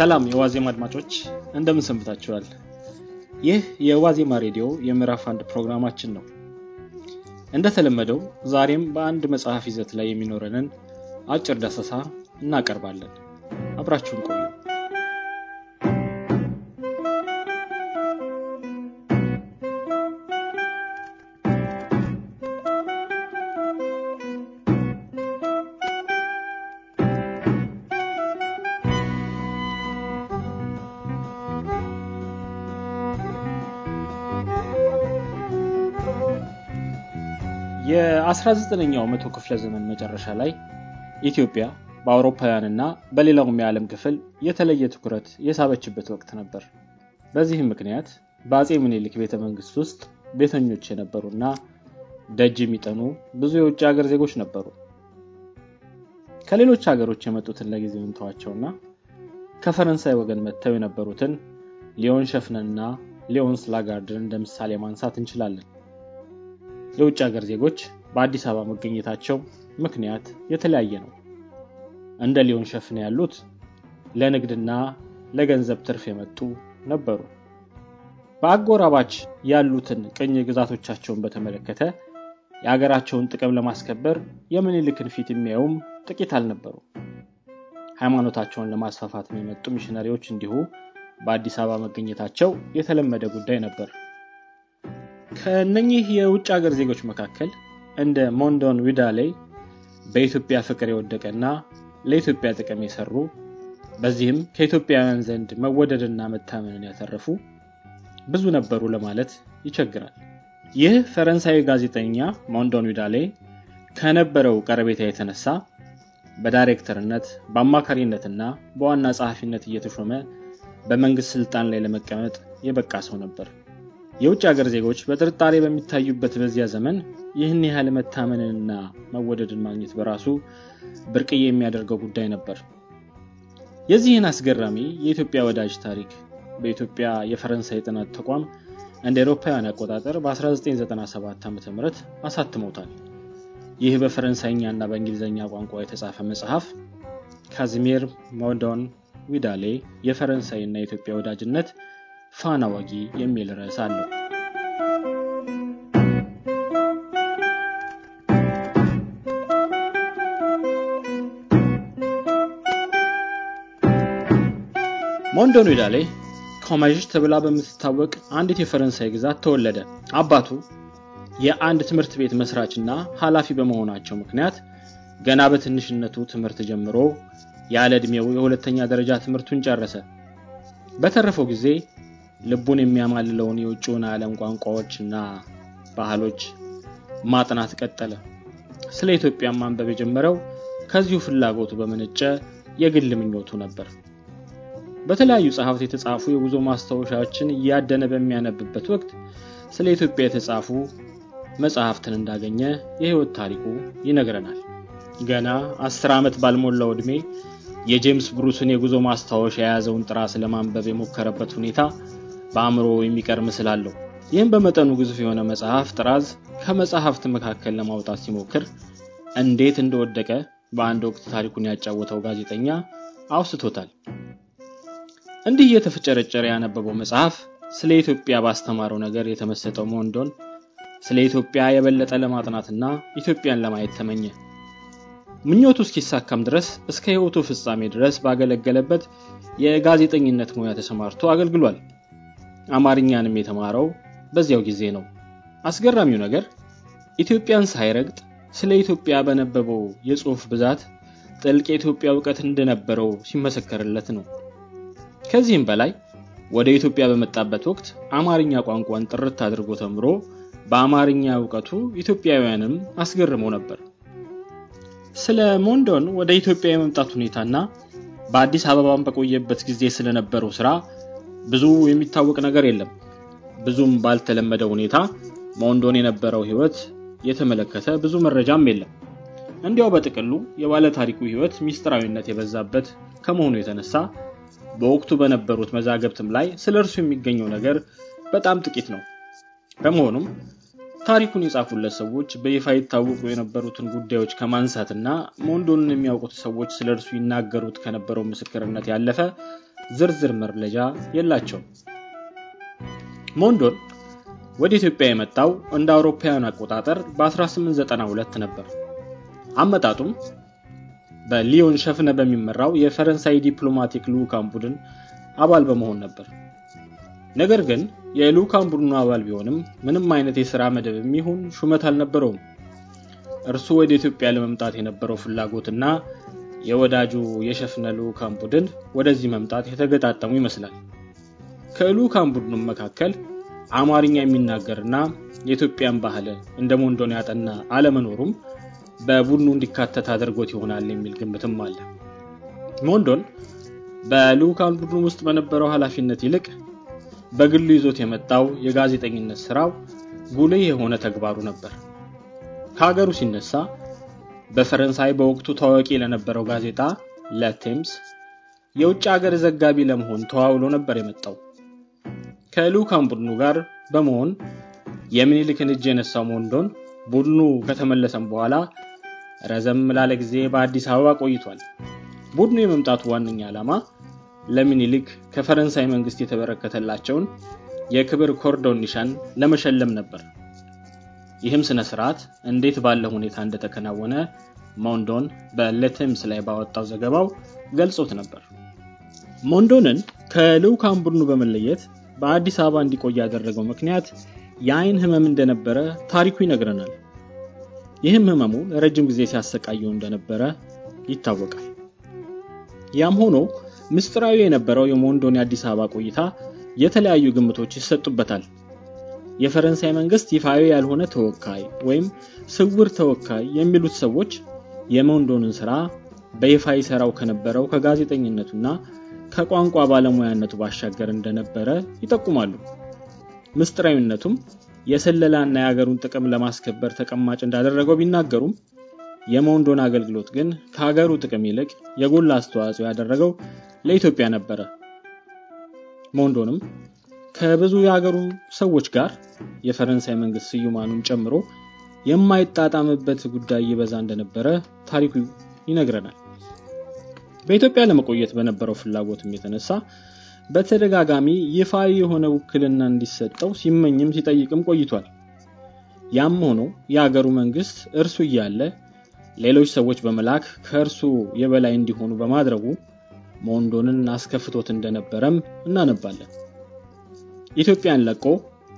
ሰላም የዋዜማ አድማጮች እንደምን ሰንብታችኋል? ይህ የዋዜማ ሬዲዮ የምዕራፍ አንድ ፕሮግራማችን ነው። እንደተለመደው ዛሬም በአንድ መጽሐፍ ይዘት ላይ የሚኖረንን አጭር ደሰሳ እናቀርባለን። አብራችሁን ቆዩ። የ19ኛው መቶ ክፍለ ዘመን መጨረሻ ላይ ኢትዮጵያ በአውሮፓውያንና በሌላውም የዓለም ክፍል የተለየ ትኩረት የሳበችበት ወቅት ነበር። በዚህም ምክንያት በአፄ ምኒልክ ቤተ መንግስት ውስጥ ቤተኞች የነበሩና ደጅ የሚጠኑ ብዙ የውጭ ሀገር ዜጎች ነበሩ። ከሌሎች ሀገሮች የመጡትን ለጊዜ ምንተዋቸውና ከፈረንሳይ ወገን መጥተው የነበሩትን ሊዮን ሸፍነንና ሊዮንስ ላጋርድን እንደምሳሌ ማንሳት እንችላለን። የውጭ ሀገር ዜጎች በአዲስ አበባ መገኘታቸው ምክንያት የተለያየ ነው። እንደ ሊሆን ሸፍነ ያሉት ለንግድና ለገንዘብ ትርፍ የመጡ ነበሩ። በአጎራባች ያሉትን ቅኝ ግዛቶቻቸውን በተመለከተ የአገራቸውን ጥቅም ለማስከበር የምኒልክን ፊት የሚያዩም ጥቂት አልነበሩ። ሃይማኖታቸውን ለማስፋፋት የመጡ ሚሽነሪዎች እንዲሁ በአዲስ አበባ መገኘታቸው የተለመደ ጉዳይ ነበር። ከእነኚህ የውጭ ሀገር ዜጎች መካከል እንደ ሞንዶን ዊዳሌ በኢትዮጵያ ፍቅር የወደቀና ለኢትዮጵያ ጥቅም የሰሩ በዚህም ከኢትዮጵያውያን ዘንድ መወደድና መታመንን ያተረፉ ብዙ ነበሩ ለማለት ይቸግራል። ይህ ፈረንሳዊ ጋዜጠኛ ሞንዶን ዊዳሌ ከነበረው ቀረቤታ የተነሳ በዳይሬክተርነት በአማካሪነትና በዋና ጸሐፊነት እየተሾመ በመንግስት ስልጣን ላይ ለመቀመጥ የበቃ ሰው ነበር። የውጭ አገር ዜጎች በጥርጣሬ በሚታዩበት በዚያ ዘመን ይህን ያህል መታመንንና መወደድን ማግኘት በራሱ ብርቅዬ የሚያደርገው ጉዳይ ነበር። የዚህን አስገራሚ የኢትዮጵያ ወዳጅ ታሪክ በኢትዮጵያ የፈረንሳይ ጥናት ተቋም እንደ ኤሮፓውያን አቆጣጠር በ1997 ዓ ም አሳትሞታል። ይህ በፈረንሳይኛ እና በእንግሊዝኛ ቋንቋ የተጻፈ መጽሐፍ ካዚሚር ሞዶን ዊዳሌ የፈረንሳይ እና የኢትዮጵያ ወዳጅነት ፋና ወጊ የሚል ርዕስ አለው። ሞንዶኔዳ ላይ ኮማዥ ተብላ በምትታወቅ አንዲት የፈረንሳይ ግዛት ተወለደ። አባቱ የአንድ ትምህርት ቤት መስራችና ኃላፊ በመሆናቸው ምክንያት ገና በትንሽነቱ ትምህርት ጀምሮ ያለ ዕድሜው የሁለተኛ ደረጃ ትምህርቱን ጨረሰ። በተረፈው ጊዜ ልቡን የሚያማልለውን የውጭውን ዓለም ቋንቋዎችና ባህሎች ማጥናት ቀጠለ። ስለ ኢትዮጵያ ማንበብ የጀመረው ከዚሁ ፍላጎቱ በመነጨ የግል ምኞቱ ነበር። በተለያዩ ጸሐፍት የተጻፉ የጉዞ ማስታወሻዎችን እያደነ በሚያነብበት ወቅት ስለ ኢትዮጵያ የተጻፉ መጽሐፍትን እንዳገኘ የህይወት ታሪኩ ይነግረናል። ገና አስር ዓመት ባልሞላው ዕድሜ የጄምስ ብሩስን የጉዞ ማስታወሻ የያዘውን ጥራ ስለማንበብ የሞከረበት ሁኔታ በአእምሮ የሚቀር ምስል አለው። ይህም በመጠኑ ግዙፍ የሆነ መጽሐፍ ጥራዝ ከመጽሐፍት መካከል ለማውጣት ሲሞክር እንዴት እንደወደቀ በአንድ ወቅት ታሪኩን ያጫወተው ጋዜጠኛ አውስቶታል። እንዲህ እየተፈጨረጨረ ያነበበው መጽሐፍ ስለ ኢትዮጵያ ባስተማረው ነገር የተመሰጠው ሞንዶን ስለ ኢትዮጵያ የበለጠ ለማጥናትና ኢትዮጵያን ለማየት ተመኘ። ምኞቱ እስኪሳካም ድረስ እስከ ህይወቱ ፍጻሜ ድረስ ባገለገለበት የጋዜጠኝነት ሙያ ተሰማርቶ አገልግሏል። አማርኛንም የተማረው በዚያው ጊዜ ነው። አስገራሚው ነገር ኢትዮጵያን ሳይረግጥ ስለ ኢትዮጵያ በነበበው የጽሁፍ ብዛት ጥልቅ የኢትዮጵያ እውቀት እንደነበረው ሲመሰከርለት ነው። ከዚህም በላይ ወደ ኢትዮጵያ በመጣበት ወቅት አማርኛ ቋንቋን ጥርት አድርጎ ተምሮ በአማርኛ እውቀቱ ኢትዮጵያውያንም አስገርሞ ነበር። ስለ ሞንዶን ወደ ኢትዮጵያ የመምጣት ሁኔታና በአዲስ አበባን በቆየበት ጊዜ ስለነበረው ስራ ብዙ የሚታወቅ ነገር የለም። ብዙም ባልተለመደ ሁኔታ መወንዶን የነበረው ህይወት የተመለከተ ብዙ መረጃም የለም። እንዲያው በጥቅሉ የባለ ታሪኩ ህይወት ሚስጥራዊነት የበዛበት ከመሆኑ የተነሳ በወቅቱ በነበሩት መዛገብትም ላይ ስለ እርሱ የሚገኘው ነገር በጣም ጥቂት ነው። በመሆኑም ታሪኩን የጻፉለት ሰዎች በይፋ ይታወቁ የነበሩትን ጉዳዮች ከማንሳትና መወንዶንን የሚያውቁት ሰዎች ስለ እርሱ ይናገሩት ከነበረው ምስክርነት ያለፈ ዝርዝር መረጃ የላቸውም። ሞንዶን ወደ ኢትዮጵያ የመጣው እንደ አውሮፓውያን አቆጣጠር በ1892 ነበር። አመጣጡም በሊዮን ሸፍነ በሚመራው የፈረንሳይ ዲፕሎማቲክ ልዑካን ቡድን አባል በመሆን ነበር። ነገር ግን የልዑካን ቡድኑ አባል ቢሆንም ምንም አይነት የሥራ መደብ የሚሆን ሹመት አልነበረውም። እርሱ ወደ ኢትዮጵያ ለመምጣት የነበረው ፍላጎትና የወዳጁ የሸፍነ ልዑካን ቡድን ወደዚህ መምጣት የተገጣጠሙ ይመስላል። ከልዑካን ቡድኑ መካከል አማርኛ የሚናገርና የኢትዮጵያን ባህል እንደ ሞንዶን ያጠና አለመኖሩም በቡድኑ እንዲካተት አድርጎት ይሆናል የሚል ግምትም አለ። ሞንዶን በልዑካን ቡድኑ ውስጥ በነበረው ኃላፊነት ይልቅ በግሉ ይዞት የመጣው የጋዜጠኝነት ስራው ጉልህ የሆነ ተግባሩ ነበር። ከሀገሩ ሲነሳ በፈረንሳይ በወቅቱ ታዋቂ ለነበረው ጋዜጣ ለቴምስ የውጭ አገር ዘጋቢ ለመሆን ተዋውሎ ነበር የመጣው። ከልዑካን ቡድኑ ጋር በመሆን የምኒልክን እጅ የነሳው ሞንዶን ቡድኑ ከተመለሰም በኋላ ረዘም ላለ ጊዜ በአዲስ አበባ ቆይቷል። ቡድኑ የመምጣቱ ዋነኛ ዓላማ ለምኒልክ ከፈረንሳይ መንግስት የተበረከተላቸውን የክብር ኮርዶን ኒሻን ለመሸለም ነበር። ይህም ስነ ስርዓት እንዴት ባለ ሁኔታ እንደተከናወነ ሞንዶን በሌቴምስ ላይ ባወጣው ዘገባው ገልጾት ነበር። ሞንዶንን ከልዑካን ቡድኑ በመለየት በአዲስ አበባ እንዲቆይ ያደረገው ምክንያት የአይን ህመም እንደነበረ ታሪኩ ይነግረናል። ይህም ህመሙ ለረጅም ጊዜ ሲያሰቃየው እንደነበረ ይታወቃል። ያም ሆኖ ምስጢራዊ የነበረው የሞንዶን የአዲስ አበባ ቆይታ የተለያዩ ግምቶች ይሰጡበታል። የፈረንሳይ መንግስት ይፋዊ ያልሆነ ተወካይ ወይም ስውር ተወካይ የሚሉት ሰዎች የሞንዶንን ስራ በይፋ ይሰራው ከነበረው ከጋዜጠኝነቱና ከቋንቋ ባለሙያነቱ ባሻገር እንደነበረ ይጠቁማሉ። ምስጢራዊነቱም የስለላና የሀገሩን ጥቅም ለማስከበር ተቀማጭ እንዳደረገው ቢናገሩም የሞንዶን አገልግሎት ግን ከሀገሩ ጥቅም ይልቅ የጎላ አስተዋጽኦ ያደረገው ለኢትዮጵያ ነበረ። ሞንዶንም ከብዙ የሀገሩ ሰዎች ጋር የፈረንሳይ መንግስት ስዩማኑን ጨምሮ የማይጣጣምበት ጉዳይ ይበዛ እንደነበረ ታሪኩ ይነግረናል። በኢትዮጵያ ለመቆየት በነበረው ፍላጎትም የተነሳ በተደጋጋሚ ይፋ የሆነ ውክልና እንዲሰጠው ሲመኝም ሲጠይቅም ቆይቷል። ያም ሆኖ የአገሩ መንግስት እርሱ እያለ ሌሎች ሰዎች በመላክ ከእርሱ የበላይ እንዲሆኑ በማድረጉ ሞንዶንን አስከፍቶት እንደነበረም እናነባለን። ኢትዮጵያን ለቆ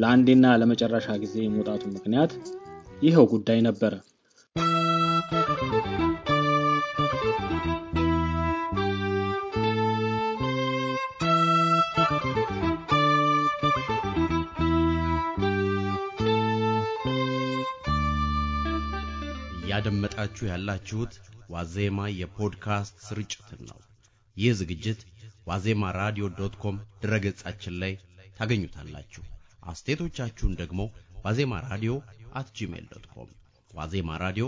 ለአንዴና ለመጨረሻ ጊዜ የመውጣቱ ምክንያት ይኸው ጉዳይ ነበረ። እያደመጣችሁ ያላችሁት ዋዜማ የፖድካስት ስርጭትን ነው። ይህ ዝግጅት ዋዜማ ራዲዮ ዶት ኮም ድረገጻችን ላይ ታገኙታላችሁ። አስተያየቶቻችሁን ደግሞ ዋዜማ ራዲዮ አት ጂሜል ዶት ኮም ዋዜማ ራዲዮ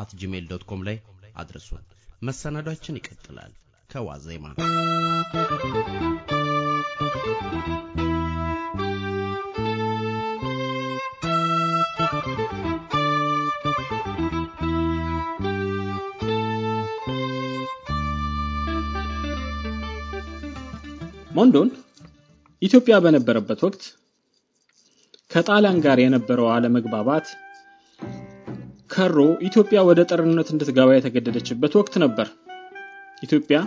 አት ጂሜል ዶት ኮም ላይ አድርሱን። መሰናዷችን ይቀጥላል። ከዋዜማ ሞንዶን ኢትዮጵያ በነበረበት ወቅት ከጣሊያን ጋር የነበረው አለመግባባት ከሮ ኢትዮጵያ ወደ ጠርነት እንድትገባ የተገደደችበት ወቅት ነበር። ኢትዮጵያ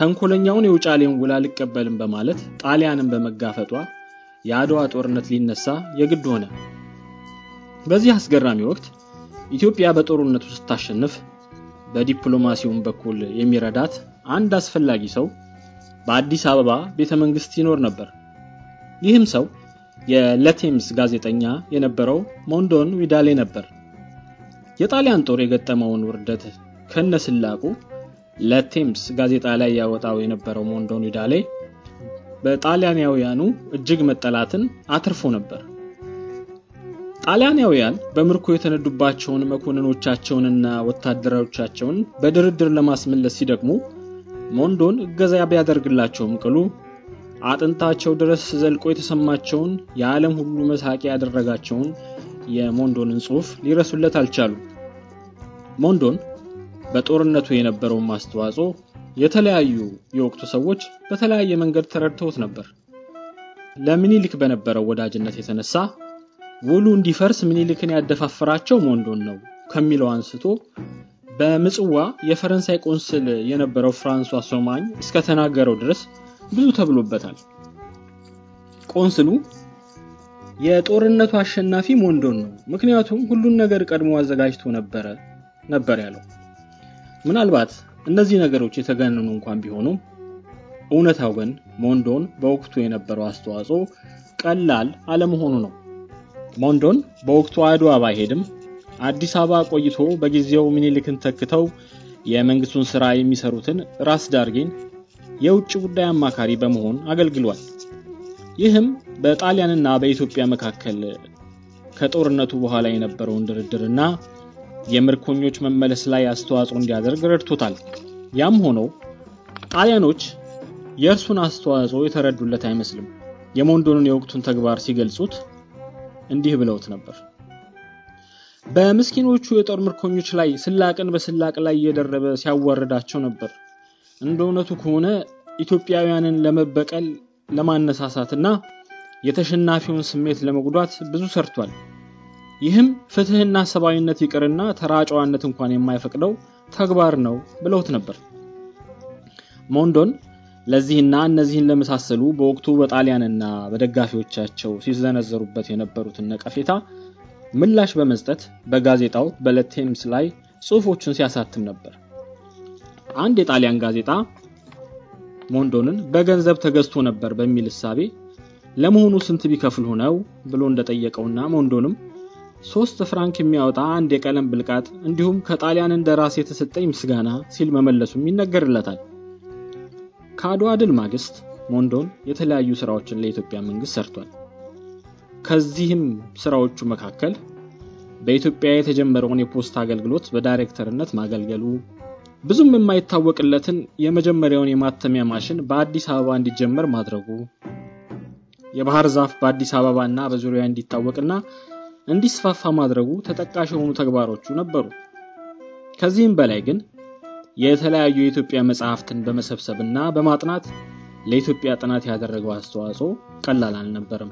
ተንኮለኛውን የውጫሌን ውል አልቀበልም በማለት ጣሊያንን በመጋፈጧ የአድዋ ጦርነት ሊነሳ የግድ ሆነ። በዚህ አስገራሚ ወቅት ኢትዮጵያ በጦርነቱ ስታሸንፍ በዲፕሎማሲውም በኩል የሚረዳት አንድ አስፈላጊ ሰው በአዲስ አበባ ቤተ መንግስት ይኖር ነበር። ይህም ሰው የለቴምስ ጋዜጠኛ የነበረው ሞንዶን ዊዳሌ ነበር። የጣሊያን ጦር የገጠመውን ውርደት ከነስላቁ ለቴምስ ጋዜጣ ላይ ያወጣው የነበረው ሞንዶን ዊዳሌ በጣሊያናውያኑ እጅግ መጠላትን አትርፎ ነበር። ጣሊያናውያን በምርኮ የተነዱባቸውን መኮንኖቻቸውንና ወታደሮቻቸውን በድርድር ለማስመለስ ሲደግሙ ሞንዶን እገዛ ቢያደርግላቸውም ቅሉ አጥንታቸው ድረስ ዘልቆ የተሰማቸውን የዓለም ሁሉ መሳቂያ ያደረጋቸውን የሞንዶንን ጽሑፍ ሊረሱለት አልቻሉ። ሞንዶን በጦርነቱ የነበረውን አስተዋጽኦ የተለያዩ የወቅቱ ሰዎች በተለያየ መንገድ ተረድተውት ነበር። ለምኒልክ በነበረው ወዳጅነት የተነሳ ውሉ እንዲፈርስ ምኒልክን ያደፋፍራቸው ሞንዶን ነው ከሚለው አንስቶ በምጽዋ የፈረንሳይ ቆንስል የነበረው ፍራንሷ ሶማኝ እስከተናገረው ድረስ ብዙ ተብሎበታል። ቆንስሉ የጦርነቱ አሸናፊ ሞንዶን ነው፣ ምክንያቱም ሁሉን ነገር ቀድሞ አዘጋጅቶ ነበረ ነበር ያለው። ምናልባት እነዚህ ነገሮች የተገነኑ እንኳን ቢሆኑም እውነታው ግን ሞንዶን በወቅቱ የነበረው አስተዋጽኦ ቀላል አለመሆኑ ነው። ሞንዶን በወቅቱ አድዋ ባይሄድም አዲስ አበባ ቆይቶ በጊዜው ምኒልክን ተክተው የመንግስቱን ስራ የሚሰሩትን ራስ ዳርጌን የውጭ ጉዳይ አማካሪ በመሆን አገልግሏል። ይህም በጣሊያንና በኢትዮጵያ መካከል ከጦርነቱ በኋላ የነበረውን ድርድርና የምርኮኞች መመለስ ላይ አስተዋጽኦ እንዲያደርግ ረድቶታል። ያም ሆኖ ጣሊያኖች የእርሱን አስተዋጽኦ የተረዱለት አይመስልም። የሞንዶንን የወቅቱን ተግባር ሲገልጹት እንዲህ ብለውት ነበር። በምስኪኖቹ የጦር ምርኮኞች ላይ ስላቅን በስላቅ ላይ እየደረበ ሲያዋርዳቸው ነበር። እንደ እውነቱ ከሆነ ኢትዮጵያውያንን ለመበቀል ለማነሳሳትና የተሸናፊውን ስሜት ለመጉዳት ብዙ ሰርቷል። ይህም ፍትህና ሰብአዊነት ይቅርና ተራጫዋነት እንኳን የማይፈቅደው ተግባር ነው ብለውት ነበር። ሞንዶን ለዚህና እነዚህን ለመሳሰሉ በወቅቱ በጣሊያንና በደጋፊዎቻቸው ሲዘነዘሩበት የነበሩትን ነቀፌታ ምላሽ በመስጠት በጋዜጣው በለቴምስ ላይ ጽሁፎችን ሲያሳትም ነበር። አንድ የጣሊያን ጋዜጣ ሞንዶንን በገንዘብ ተገዝቶ ነበር በሚል እሳቤ ለመሆኑ ስንት ቢከፍል ሆነው ብሎ እንደጠየቀውና ሞንዶንም ሶስት ፍራንክ የሚያወጣ አንድ የቀለም ብልቃጥ እንዲሁም ከጣሊያን እንደ ራስ የተሰጠኝ ምስጋና ሲል መመለሱም ይነገርለታል። ከአድዋ ድል ማግስት ሞንዶን የተለያዩ ስራዎችን ለኢትዮጵያ መንግስት ሰርቷል። ከዚህም ስራዎቹ መካከል በኢትዮጵያ የተጀመረውን የፖስታ አገልግሎት በዳይሬክተርነት ማገልገሉ፣ ብዙም የማይታወቅለትን የመጀመሪያውን የማተሚያ ማሽን በአዲስ አበባ እንዲጀመር ማድረጉ፣ የባህር ዛፍ በአዲስ አበባና በዙሪያ እንዲታወቅና እንዲስፋፋ ማድረጉ ተጠቃሽ የሆኑ ተግባሮቹ ነበሩ። ከዚህም በላይ ግን የተለያዩ የኢትዮጵያ መጽሐፍትን እና በማጥናት ለኢትዮጵያ ጥናት ያደረገው አስተዋጽኦ ቀላል አልነበርም።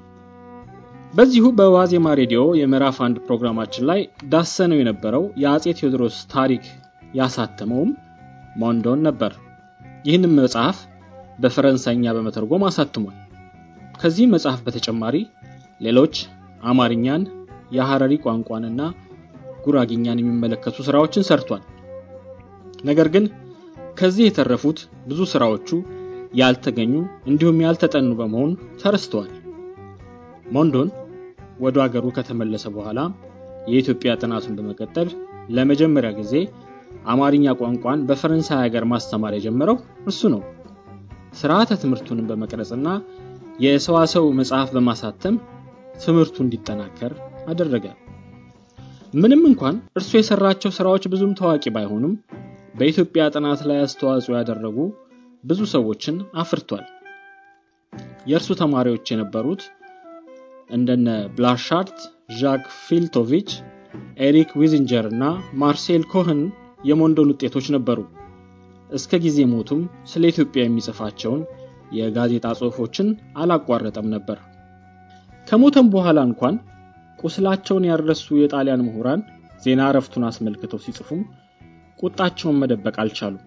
በዚሁ በዋዜማ ሬዲዮ የምዕራፍ አንድ ፕሮግራማችን ላይ ዳሰነው የነበረው የአጼ ቴዎድሮስ ታሪክ ያሳተመውም ሞንዶን ነበር። ይህንም መጽሐፍ በፈረንሳይኛ በመተርጎም አሳትሟል። ከዚህ መጽሐፍ በተጨማሪ ሌሎች አማርኛን፣ የሐረሪ ቋንቋንና ጉራግኛን የሚመለከቱ ስራዎችን ሰርቷል። ነገር ግን ከዚህ የተረፉት ብዙ ስራዎቹ ያልተገኙ እንዲሁም ያልተጠኑ በመሆን ተረስተዋል። ሞንዶን ወደ አገሩ ከተመለሰ በኋላ የኢትዮጵያ ጥናቱን በመቀጠል ለመጀመሪያ ጊዜ አማርኛ ቋንቋን በፈረንሳይ ሀገር ማስተማር የጀመረው እርሱ ነው። ስርዓተ ትምህርቱንም በመቅረጽና የሰዋሰው መጽሐፍ በማሳተም ትምህርቱ እንዲጠናከር አደረገ። ምንም እንኳን እርሱ የሰራቸው ስራዎች ብዙም ታዋቂ ባይሆኑም በኢትዮጵያ ጥናት ላይ አስተዋጽኦ ያደረጉ ብዙ ሰዎችን አፍርቷል። የእርሱ ተማሪዎች የነበሩት እንደነ ብላሻርት፣ ዣክ ፊልቶቪች፣ ኤሪክ ዊዝንጀር እና ማርሴል ኮህን የሞንዶን ውጤቶች ነበሩ። እስከ ጊዜ ሞቱም ስለ ኢትዮጵያ የሚጽፋቸውን የጋዜጣ ጽሑፎችን አላቋረጠም ነበር። ከሞተም በኋላ እንኳን ቁስላቸውን ያረሱ የጣሊያን ምሁራን ዜና እረፍቱን አስመልክተው ሲጽፉም ቁጣቸውን መደበቅ አልቻሉም።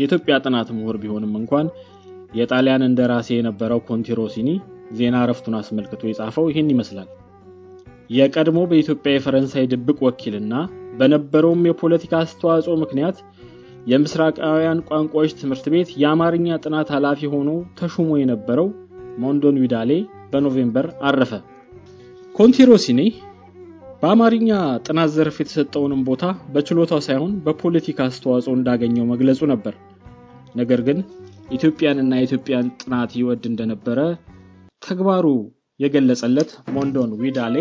የኢትዮጵያ ጥናት ምሁር ቢሆንም እንኳን የጣሊያን እንደራሴ የነበረው ኮንቲሮሲኒ። ዜና እረፍቱን አስመልክቶ የጻፈው ይህን ይመስላል። የቀድሞ በኢትዮጵያ የፈረንሳይ ድብቅ ወኪልና በነበረውም የፖለቲካ አስተዋጽኦ ምክንያት የምስራቃውያን ቋንቋዎች ትምህርት ቤት የአማርኛ ጥናት ኃላፊ ሆኖ ተሹሞ የነበረው ሞንዶን ዊዳሌ በኖቬምበር አረፈ። ኮንቲሮሲኒ በአማርኛ ጥናት ዘርፍ የተሰጠውንም ቦታ በችሎታው ሳይሆን በፖለቲካ አስተዋጽኦ እንዳገኘው መግለጹ ነበር። ነገር ግን ኢትዮጵያንና የኢትዮጵያን ጥናት ይወድ እንደነበረ ተግባሩ የገለጸለት ሞንዶን ዊዳሌ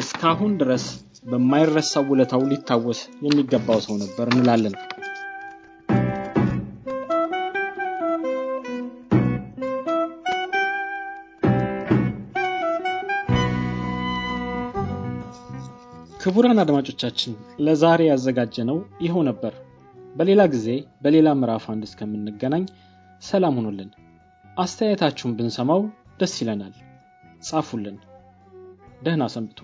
እስካሁን ድረስ በማይረሳው ውለታው ሊታወስ የሚገባው ሰው ነበር እንላለን። ክቡራን አድማጮቻችን ለዛሬ ያዘጋጀ ነው ይኸው ነበር። በሌላ ጊዜ በሌላ ምዕራፍ አንድ እስከምንገናኝ ሰላም ሁኑልን። አስተያየታችሁን ብንሰማው ደስ ይለናል። ጻፉልን። ደህና ሰንብቱ።